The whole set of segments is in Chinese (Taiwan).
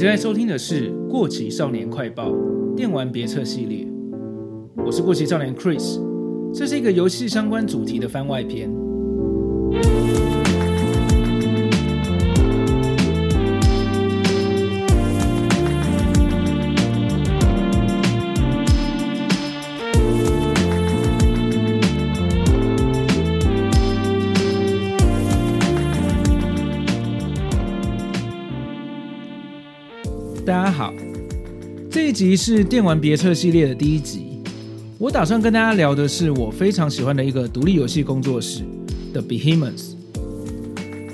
您正在收聽的是《過期少年快報》電玩別冊系列，我是過期少年 Chris，這是一個遊戲相關主題的番外篇。集是電玩別冊系列的第一集。我打算跟大家聊的是我非常喜歡的一個獨立遊戲工作室 The Behemoth。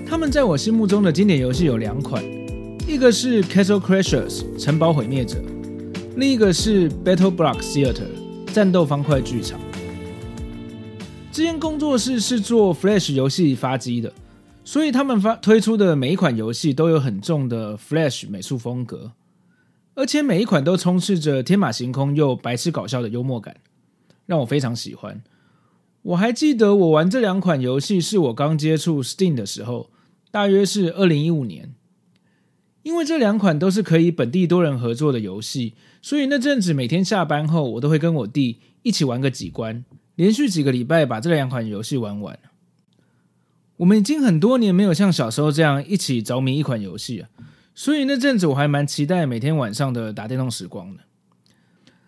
他們在我心目中的經典遊戲有兩款，一個是 Castle Crashers 城堡毀滅者，另一個是 Battle Block Theater 戰鬥方塊劇場。這間工作室是做 Flash 遊戲發機的，所以他們發推出的每一款遊戲都有很重的 Flash 美術風格。而且每一款都充斥着天馬行空又白痴搞笑的幽默感，讓我非常喜歡。我還記得我玩這兩款遊戲是我剛接觸 Steam 的時候，大約是二零一五年。因為這兩款都是可以本地多人合作的遊戲，所以那陣子每天下班後，我都會跟我弟一起玩個幾關，連續幾個禮拜把這兩款遊戲玩完。我們已經很多年沒有像小時候這樣一起着迷一款遊戲了。所以那陣子我還蠻期待每天晚上的打電動時光的，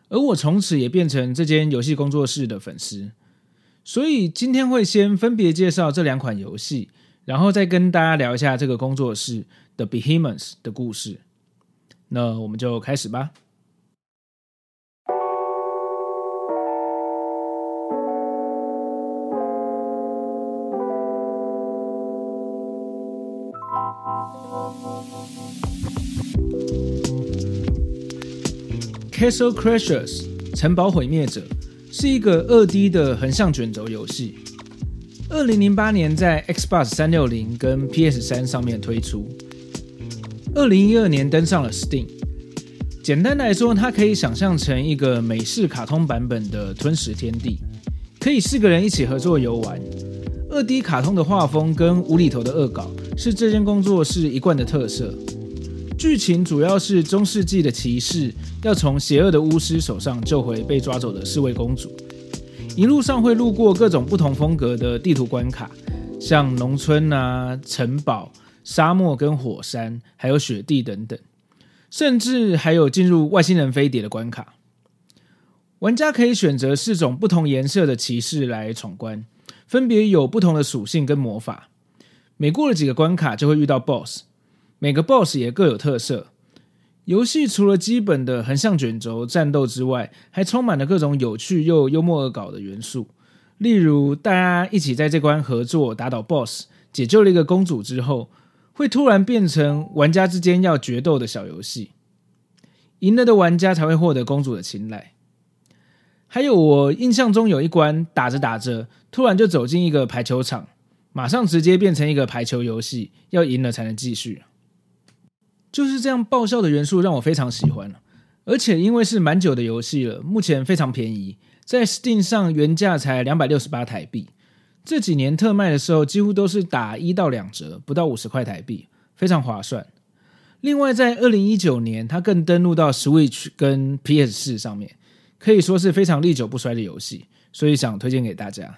而我從此也變成這間遊戲工作室的粉絲。所以今天會先分別介紹這兩款遊戲，然後再跟大家聊一下這個工作室《The Behemoth》的故事。那我們就開始吧。Castle Crashers（ 城堡毀滅者）是一個二 D 的橫向卷軸遊戲，二零零八年在 Xbox 三六零跟 PS 三上面推出，二零一二年登上了 Steam。簡單來說，它可以想象成一個美式卡通版本的《吞食天地》，可以四個人一起合作遊玩。二 D 卡通的畫風跟無厘頭的惡搞，是這間工作室一貫的特色。劇情主要是中世紀的騎士要從邪惡的巫師手上救回被抓走的四位公主，一路上會路過各種不同風格的地圖關卡，像農村啊、城堡、沙漠跟火山，還有雪地等等，甚至還有進入外星人飛碟的關卡。玩家可以選擇四種不同顏色的騎士來闖關，分別有不同的屬性跟魔法。每過了幾個關卡，就會遇到 BOSS。每個 BOSS 也各有特色。遊戲除了基本的橫向卷軸戰鬥之外，還充滿了各種有趣又幽默惡搞的元素。例如，大家一起在這關合作打倒 BOSS，解救了一個公主之後，會突然變成玩家之間要決鬥的小遊戲，贏了的玩家才會獲得公主的青睞。還有我印象中有一關打着打着，突然就走進一個排球場，馬上直接變成一個排球遊戲，要贏了才能繼續。就是這樣爆笑的元素讓我非常喜歡，而且因為是蠻久的遊戲了，目前非常便宜，在 Steam 上原價才兩百六十八台幣，這幾年特賣的時候幾乎都是打一到兩折，不到五十塊台幣，非常划算。另外，在二零一九年，它更登陸到 Switch 跟 PS 四上面，可以說是非常歷久不衰的遊戲，所以想推薦給大家。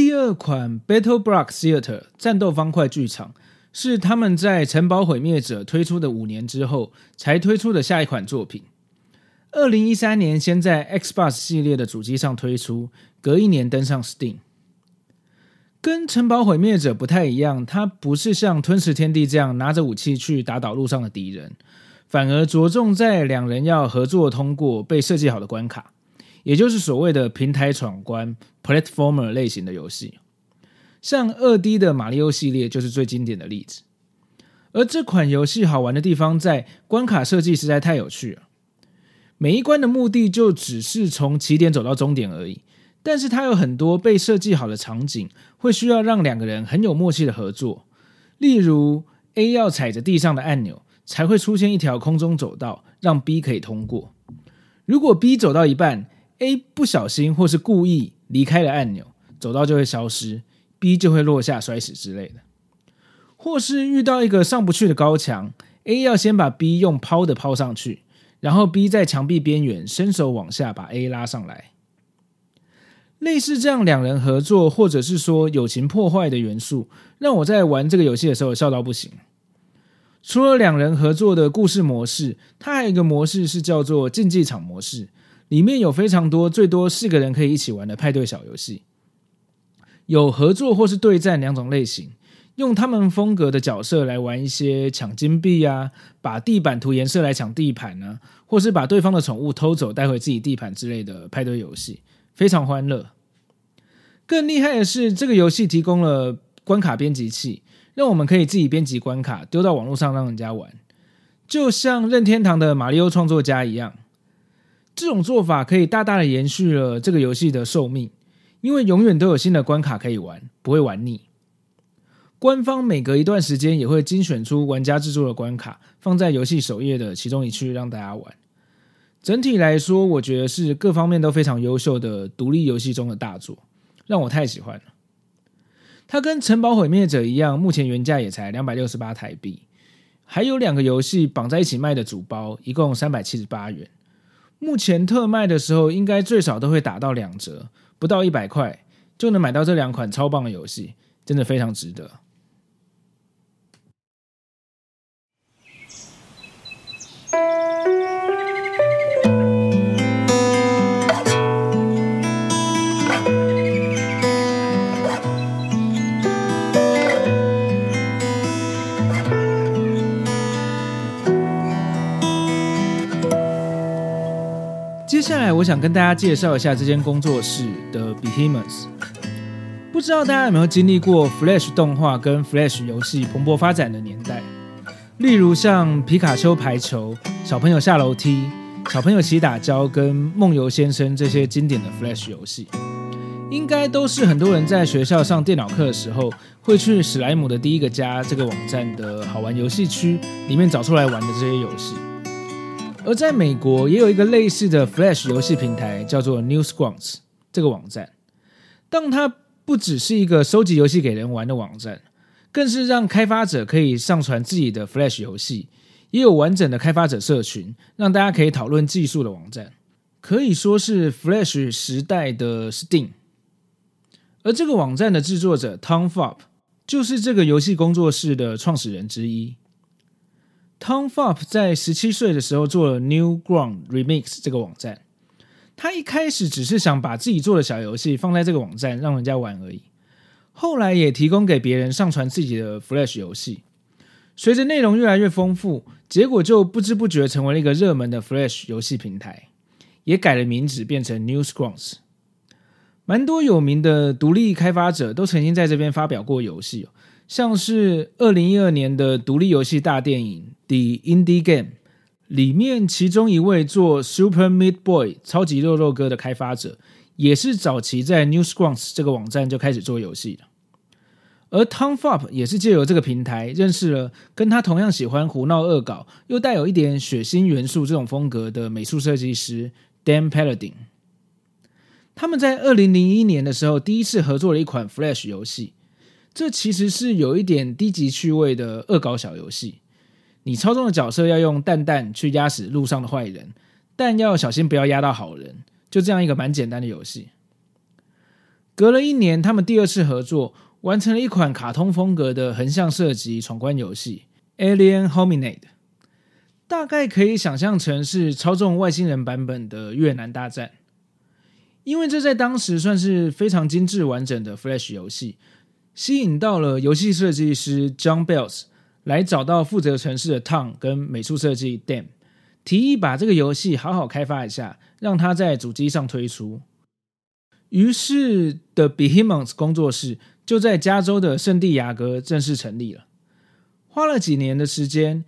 第二款 Battle Block Theater 戰鬥方塊劇場是他們在《城堡毀滅者》推出的五年之後才推出的下一款作品。二零一三年先在 Xbox 系列的主機上推出，隔一年登上 Steam。跟《城堡毀滅者》不太一樣，它不是像《吞食天地》這樣拿着武器去打倒路上的敵人，反而着重在兩人要合作通過被設計好的關卡。也就是所謂的平台闖關 （platformer） 類型的遊戲，像 2D 的馬里歐系列就是最經典的例子。而這款遊戲好玩的地方在關卡設計實在太有趣了。每一關的目的就只是從起點走到終點而已，但是它有很多被設計好的場景，會需要讓兩個人很有默契的合作。例如，A 要踩着地上的按鈕才會出現一條空中走道，讓 B 可以通過。如果 B 走到一半，A 不小心或是故意離開了按鈕，走道就會消失；B 就會落下摔死之類的。或是遇到一個上不去的高牆，A 要先把 B 用拋的拋上去，然後 B 在牆壁邊緣伸手往下把 A 拉上來。類似這樣兩人合作，或者是說友情破壞的元素，讓我在玩這個遊戲的時候笑到不行。除了兩人合作的故事模式，它還有一個模式是叫做競技場模式。裡面有非常多，最多四個人可以一起玩的派對小遊戲，有合作或是對戰兩種類型，用他們風格的角色來玩一些搶金幣啊，把地板塗顏色來搶地盤啊，或是把對方的寵物偷走帶回自己地盤之類的派對遊戲，非常歡樂。更厲害的是，這個遊戲提供了關卡編輯器，讓我們可以自己編輯關卡，丟到網絡上讓人家玩，就像任天堂的瑪利歐創作家一樣。這種做法可以大大的延續了這個遊戲的壽命，因為永遠都有新的關卡可以玩，不會玩膩。官方每隔一段時間也會精選出玩家製作的關卡，放在遊戲首頁的其中一區讓大家玩。整體來說，我覺得是各方面都非常優秀的獨立遊戲中的大作，讓我太喜歡了。它跟《城堡毀滅者》一樣，目前原價也才兩百六十八台幣，還有兩個遊戲綁在一起賣的主包，一共三百七十八元。目前特賣的時候，應該最少都會打到兩折，不到一百塊，就能買到這兩款超棒的遊戲，真的非常值得。來，我想跟大家介紹一下這間工作室的 Behemoth。不知道大家有沒有經歷過 Flash 動畫跟 Flash 遊戲蓬勃發展的年代？例如像皮卡丘排球、小朋友下樓梯、小朋友齊打交跟夢遊先生這些經典的 Flash 遊戲，應該都是很多人在學校上電腦課的時候，會去史萊姆的第一個家這個網站的好玩遊戲區裡面找出來玩的這些遊戲。而在美國也有一個類似的 Flash 遊戲平台，叫做 Newgrounds 這個網站。但它不只是一個收集遊戲給人玩的網站，更是讓開發者可以上傳自己的 Flash 遊戲，也有完整的開發者社群，讓大家可以討論技術的網站，可以說是 Flash 時代的 Steam。而這個網站的製作者 Tom Fulp 就是這個遊戲工作室的創始人之一。Tom Fulp 在十七歲的時候做了 New Ground Remix 這個網站，他一開始只是想把自己做的小遊戲放在這個網站讓人家玩而已，後來也提供給別人上傳自己的 Flash 遊戲。隨着內容越來越豐富，結果就不知不覺成為了一個熱門的 Flash 遊戲平台，也改了名字變成 Newgrounds。蠻多有名的獨立開發者都曾經在這邊發表過遊戲。像是二零一二年的獨立遊戲大電影《The Indie Game》裡面，其中一位做 Super Meat Boy 超級肉肉哥的開發者，也是早期在 Newgrounds 這個網站就開始做遊戲的。而 Tom Fulp 也是借由這個平台認識了跟他同樣喜歡胡鬧惡搞又帶有一點血腥元素這種風格的美術設計師 Dan Paladin。他們在二零零一年的時候第一次合作了一款 Flash 遊戲。這其實是有一點低級趣味的惡搞小遊戲。你操縱的角色要用蛋蛋去壓死路上的壞人，但要小心不要壓到好人。就這樣一個蠻簡單的遊戲。隔了一年，他們第二次合作，完成了一款卡通風格的橫向射擊闖關遊戲《Alien Hominid》，大概可以想象成是操縱外星人版本的越南大戰，因為這在當時算是非常精緻完整的 Flash 遊戲。吸引到了遊戲設計師 John Bells 來找到負責城市的 Tom 跟美術設計 Dan，提議把這個遊戲好好開發一下，讓它在主機上推出。於是 The Behemoth 工作室就在加州的聖地亞哥正式成立了。花了幾年的時間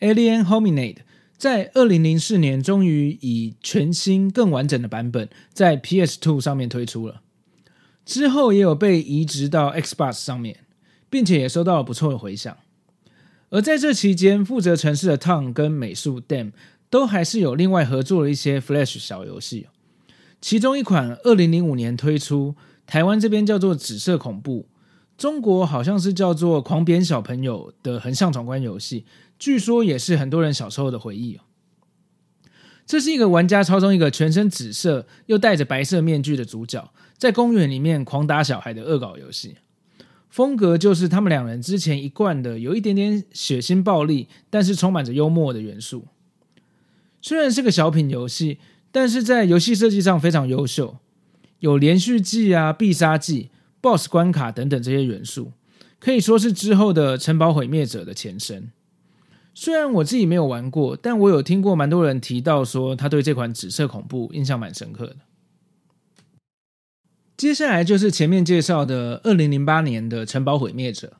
，Alien Hominid 在二零零四年終於以全新更完整的版本，在 PS2 上面推出了。之後也有被移植到 Xbox 上面，並且也收到了不錯的回響。而在這期間，負責程式的 Tom 跟美術 Dam 都還是有另外合作了一些 Flash 小遊戲。其中一款2005年推出，台灣這邊叫做《紫色恐怖》，中國好像是叫做《狂扁小朋友》的橫向闖關遊戲，據說也是很多人小時候的回憶。這是一個玩家操縱一個全身紫色又戴着白色面具的主角，在公園裡面狂打小孩的惡搞遊戲，風格就是他們兩人之前一貫的有一點點血腥暴力，但是充滿着幽默的元素。雖然是個小品遊戲，但是在遊戲設計上非常優秀，有連續技啊、必殺技、BOSS 關卡等等這些元素，可以說是之後的《城堡毀滅者》的前身。雖然我自己沒有玩過，但我有聽過蠻多人提到說，他對這款《紫色恐怖》印象蠻深刻的。接下來就是前面介紹的二零零八年的《城堡毀滅者》，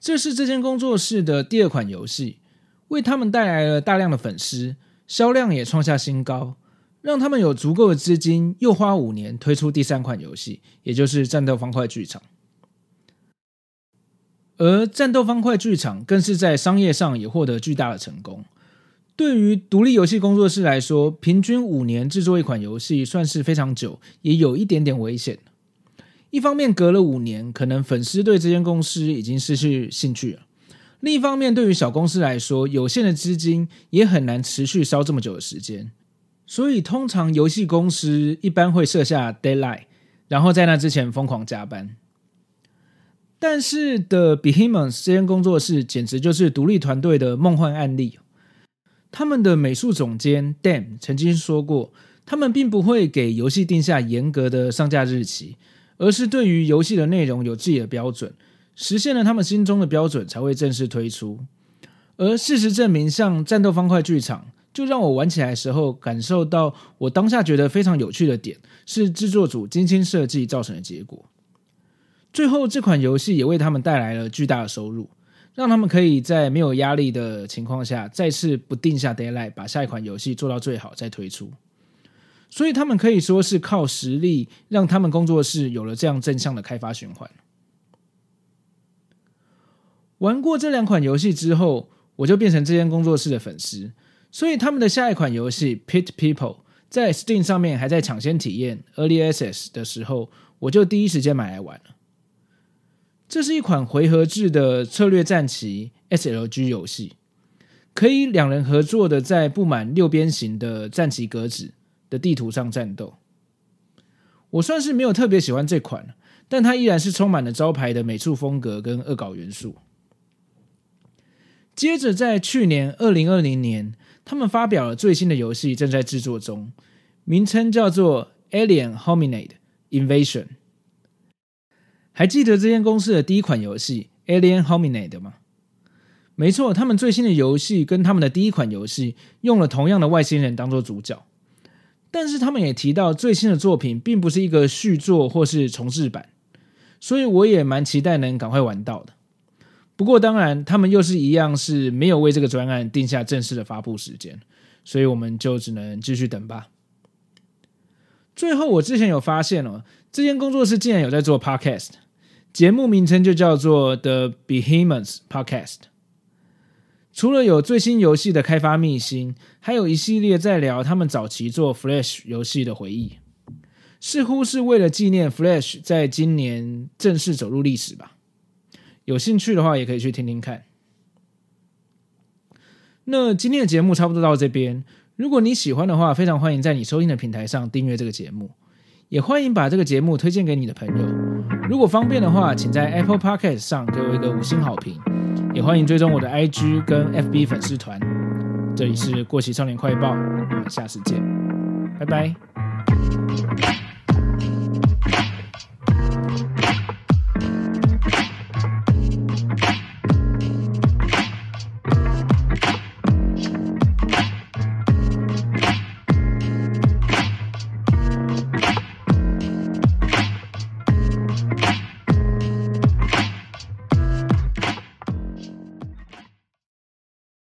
這是這間工作室的第二款遊戲，為他們帶來了大量的粉絲，銷量也創下新高，讓他們有足夠的資金，又花五年推出第三款遊戲，也就是《戰鬥方塊劇場》。而戰鬥方塊劇場更是在商業上也獲得巨大的成功。對於獨立遊戲工作室來說，平均五年制作一款遊戲算是非常久，也有一點點危險。一方面，隔了五年，可能粉絲對這間公司已經失去興趣了；另一方面，對於小公司來說，有限的資金也很難持續燒這麼久的時間。所以，通常遊戲公司一般會設下 deadline，然後在那之前瘋狂加班。但是 The Behemoth 這間工作室簡直就是獨立團隊的夢幻案例。他們的美術總監 Dan 曾經說過，他們並不會給遊戲定下嚴格的上架日期，而是對於遊戲的內容有自己的標準，實現了他們心中的標準才會正式推出。而事實證明，像戰鬥方塊劇場，就讓我玩起來時候感受到我當下覺得非常有趣的點，是制作組精心設計造成的結果。最後，這款遊戲也為他們帶來了巨大的收入，讓他們可以在沒有壓力的情況下，再次不定下 deadline 把下一款遊戲做到最好再推出。所以，他們可以說是靠實力，讓他們工作室有了這樣正向的開發循環。玩過這兩款遊戲之後，我就變成這間工作室的粉絲。所以，他們的下一款遊戲《Pit People》在 Steam 上面還在搶先體驗 （Early Access） 的時候，我就第一時間買來玩了。這是一款回合制的策略戰棋 SLG 遊戲，可以兩人合作的，在布滿六邊形的戰棋格子的地圖上戰鬥。我算是沒有特別喜歡這款，但它依然是充滿了招牌的美術風格跟惡搞元素。接着在去年二零二零年，他們發表了最新的遊戲正在制作中，名稱叫做 Al id,《Alien Hominid Invasion》。還記得這間公司的第一款遊戲《Alien Hominid》嗎？沒錯，他們最新的遊戲跟他們的第一款遊戲用了同樣的外星人當做主角，但是他們也提到最新的作品並不是一個續作或是重制版，所以我也蠻期待能趕快玩到的。不過當然，他們又是一樣是沒有為這個專案定下正式的發布時間，所以我們就只能繼續等吧。最後，我之前有發現哦。這間工作室竟然有在做 Podcast，節目名稱就叫做 The Behemoth Podcast。除了有最新遊戲的開發秘辛，還有一系列在聊他們早期做 Flash 遊戲的回憶，似乎是為了紀念 Flash 在今年正式走入歷史吧。有興趣的話，也可以去聽聽看。那今天的節目差不多到這邊，如果你喜歡的話，非常歡迎在你收聽的平台上訂閱這個節目。也歡迎把這個節目推薦給你的朋友，如果方便的話，請在 Apple Podcast 上給我一個五星好評。也歡迎追蹤我的 IG 跟 FB 粉絲團。這裡是《過期少年快報》，我們下次見，拜拜。